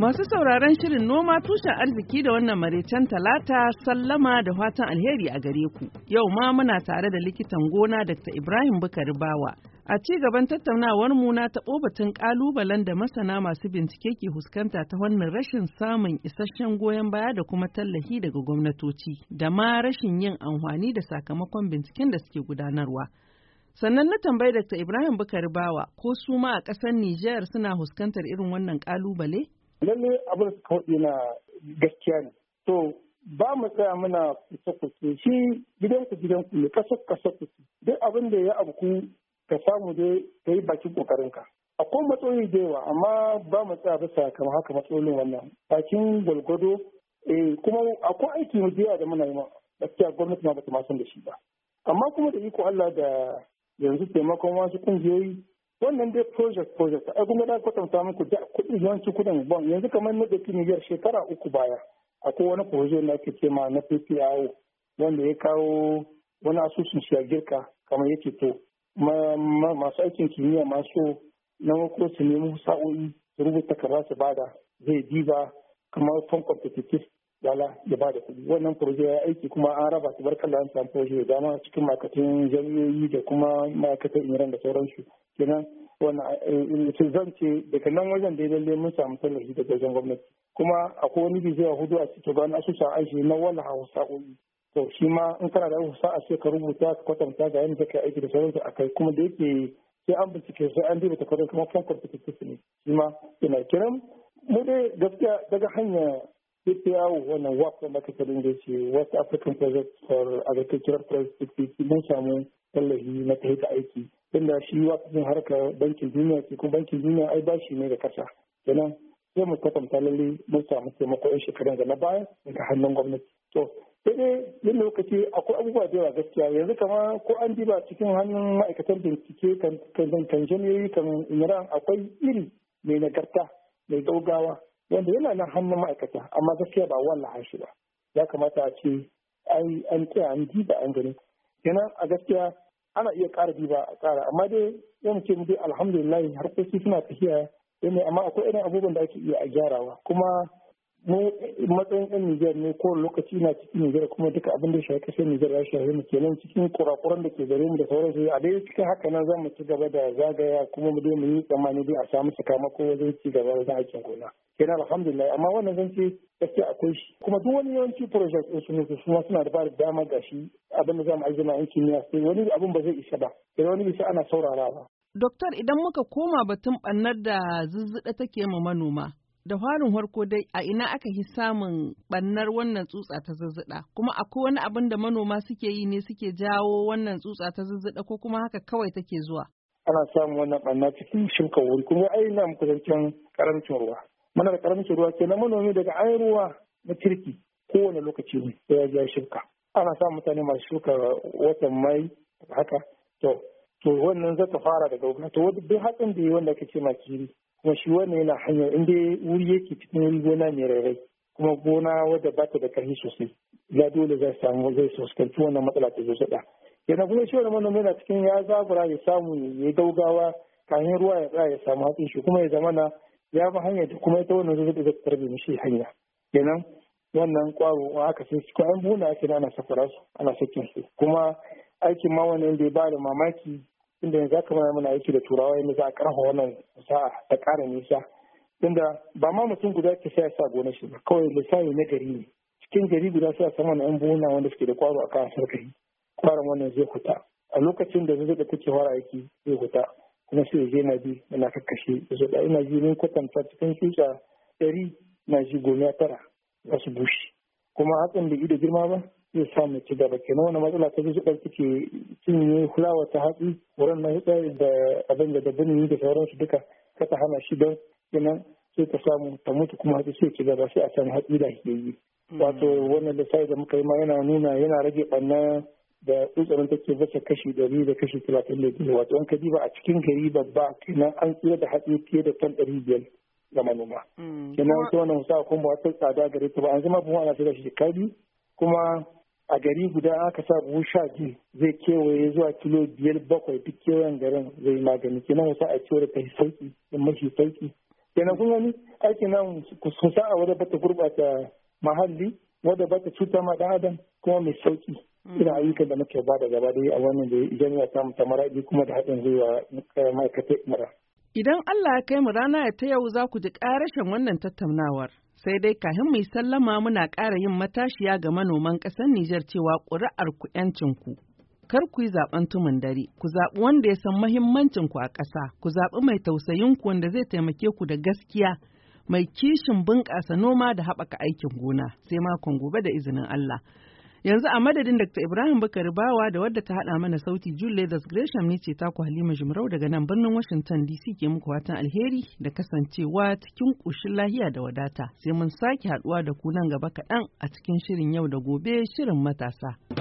Masu sauraron shirin noma tushen arziki da wannan maraicen talata sallama da fatan alheri a gare ku. Yau ma muna tare da likitan gona Dr. Ibrahim Bukari Bawa. A ci gaban tattaunawar mu na taɓo batun ƙalubalen da masana masu bincike ke huskanta ta wannan rashin samun isasshen goyon baya da kuma tallafi daga gwamnatoci da ma rashin yin amfani da sakamakon binciken da suke gudanarwa. sannan na tambayi Dr. Ibrahim Bukari Bawa ko su ma a ƙasar Nijar suna huskantar irin wannan ƙalubale? lallai abin suka hudu na gaskiya ne to ba mu tsaya muna kusa kusa shi gidan ku gidan ku ne kasa kasa kusa duk abin da ya abu ka samu dai ka yi bakin kokarin ka akwai matsaloli da yawa amma ba mu tsaya bisa kamar haka matsalolin wannan bakin gwalgwado eh kuma akwai aiki mu da muna yi ma gaskiya gwamnati ma bata ma san da shi ba amma kuma da iko Allah da yanzu taimakon wasu kungiyoyi wannan dai project project a kuma da kwatanta muku da kuɗi yawanci kuɗin bon yanzu kamar na ɗauki niyyar shekara uku baya akwai wani project na ake cema ma na PPIO wanda ya kawo wani asusun shi girka kamar yake to masu aikin kimiyya masu na ko su nemi sa'o'i rubuta kaza bada zai diba kamar fan competitive dala ya ba da kuɗi wannan proje ya aiki kuma an raba su barkar an samu proje da dama cikin ma'aikatan jami'o'i da kuma ma'aikatan iran da sauransu kenan wannan eh, zan ce daga nan wajen da lalle mun samu tallafi daga wajen gwamnati kuma akwai wani bidiyo hudu a cikin gani asusa aiki na wala hawa sa'o'i to shi ma in kana da wasu sa'a sai ka rubuta ka kwatanta ga yadda kake aiki da sauransu akai kuma da yake sai an bincike sai an duba takardar kuma kan kwamfutar ne shi ma ina kiran mu dai gaskiya daga hanyar. CPR wannan WAP da aka karin da ce West African Project for Agricultural Productivity mun samu tallafi na ta aiki. inda shi WAP harkar harka bankin duniya ce kuma bankin duniya ai bashi ne da kasa. Kenan sai mu kwatanta lalle mun samu taimako yan shekarun da na baya daga hannun gwamnati. To sai dai yin lokaci akwai abubuwa da yawa gaskiya yanzu kama ko an diba cikin hannun ma'aikatan bincike kan kan kan akwai iri mai nagarta mai gaugawa wanda yana nan hannun ma'aikata amma gaskiya ba wallaha shi ba ya kamata a ce an tsaya an diba an gani kenan a gaskiya ana iya ƙara diba a tsara amma dai yan ce mu dai alhamdulillah harkoki suna tafiya yana amma akwai irin abubuwan da ake iya a gyarawa kuma mu matsayin yan Nijar ne ko lokaci na cikin Nijar kuma duka abin da ya shafi kasar Nijar ya shafi mu kenan cikin kurakuran da ke gare mu da sauran sauransu a dai cikin haka nan zamu ci gaba da zagaya kuma mu dai mu yi tsammani dai a samu sakamako wajen ci gaba da aikin gona kenan alhamdulillah amma wannan zan ce gaskiya akwai shi kuma duk wani yawanci project din su ne su kuma suna da ba da dama ga shi abin da za mu ajiye ma'aikin kimiyya sai wani abin ba zai isa ba sai wani bisa ana saurara ba. Doktor idan muka koma batun ɓannar da zuzzuɗa take ma manoma, da farin harko dai a ina aka yi samun bannar wannan tsutsa ta zazzada? kuma akwai wani abin da manoma suke yi ne suke jawo wannan tsutsa ta zazzada, ko kuma haka kawai take zuwa ana samun wannan banna cikin shukar wuri kuma ai na kusancin karamcin ruwa muna da karamcin ruwa ke na manomi daga ayin ruwa na kirki kowane lokaci ne ya ja shuka ana samun mutane masu shuka watan mai haka to to wannan zata fara daga to duk hatsin da yi wanda kake ce ma kiri kuma shi wannan yana hanyar inda wuri yake cikin gona mai rairai kuma gona wadda ba ta da ƙarfi sosai ya dole zai samu zai fuskanci wannan matsala ta zo sada yana kuma shi wannan manomi yana cikin ya zabura ya samu ya gaugawa kayan ruwa ya tsaya ya samu hatsin shi kuma ya zamana ya bi hanyar da kuma ita wannan zai zai tarbe mishi hanya kenan wannan kwaro a aka sai su an buna ake ana safara su ana sakin su kuma aikin ma wannan ya ba da mamaki inda yanzu aka mana muna aiki da turawa yanzu za a karfa wannan fasaha ta ƙara nisa inda ba ma mutum guda ke sai sa gona shi ba kawai misali na gari ne cikin gari guda sai a samu na yan buhuna wanda suke da kwaro a kan gari kwaron wannan zai huta a lokacin da zai da take fara aiki zai huta kuma sai zai na bi yana kakkashe zo da ina ji mun kwatanta cikin tsutsa ɗari na ji goma tara za su bushe kuma hatsin da da girma ba zai sa mu ci gaba kenan wannan matsala ta gizo take cinye fulawa ta hatsi wurin na hitsari da abin da yi da sauransu duka ka ta hana shi don kenan sai ta samu ta mutu kuma hatsi sai ci gaba sai a sami hatsi da yi. Hmm. wato wannan sai da muka yi ma yana nuna yana rage ɓanna da tsutsarin take basa kashi ɗari da kashi talatin da biyu wato an ka diba a cikin gari babba kenan an tsira da hatsi fiye da ton ɗari biyar ga manoma. Hmm. kenan wata wannan musa kuma ba tsada gare ta ba an zama buhu ana tsira shi kuma a gari guda aka sa buhu sha biyu zai kewaye zuwa kilo biyar bakwai duk kewayen garin zai magani kenan wasu a cewar ta yi sauki in mafi sauki kenan kun gani aikin nan kusa a wadda bata gurɓata mahalli wadda bata cuta ma ɗan adam kuma mai sauki hmm. ina ayyukan da muke ba da gaba dai a wannan da idan ta mu ta maraɗi kuma da haɗin gwiwa eh, ma'aikatan mara. Idan Allah ya kai mu rana ya ta yau za ku ji ƙarashin wannan tattaunawar. Sai dai kahin mu sallama muna ƙara yin matashiya ga manoman ƙasar Nijar cewa ƙuri'ar ku ku. Kar ku yi zaɓen tumun dare, ku zaɓi wanda ya san mahimmancin ku a ƙasa, ku zaɓi mai tausayin ku wanda zai taimake ku da gaskiya, mai kishin bunƙasa noma da haɓaka aikin gona, sai makon gobe da izinin Allah. Yanzu a madadin Dr. Ibrahim Bakari Bawa da wadda ta haɗa mana sauti Julie Das Gresham ne ce taku Halima Jumrau daga nan birnin Washington DC ke muku watan alheri da kasancewa cikin ƙoshin lahiya da wadata. Sai mun sake haɗuwa da ku nan gaba kaɗan a cikin shirin yau da gobe shirin matasa.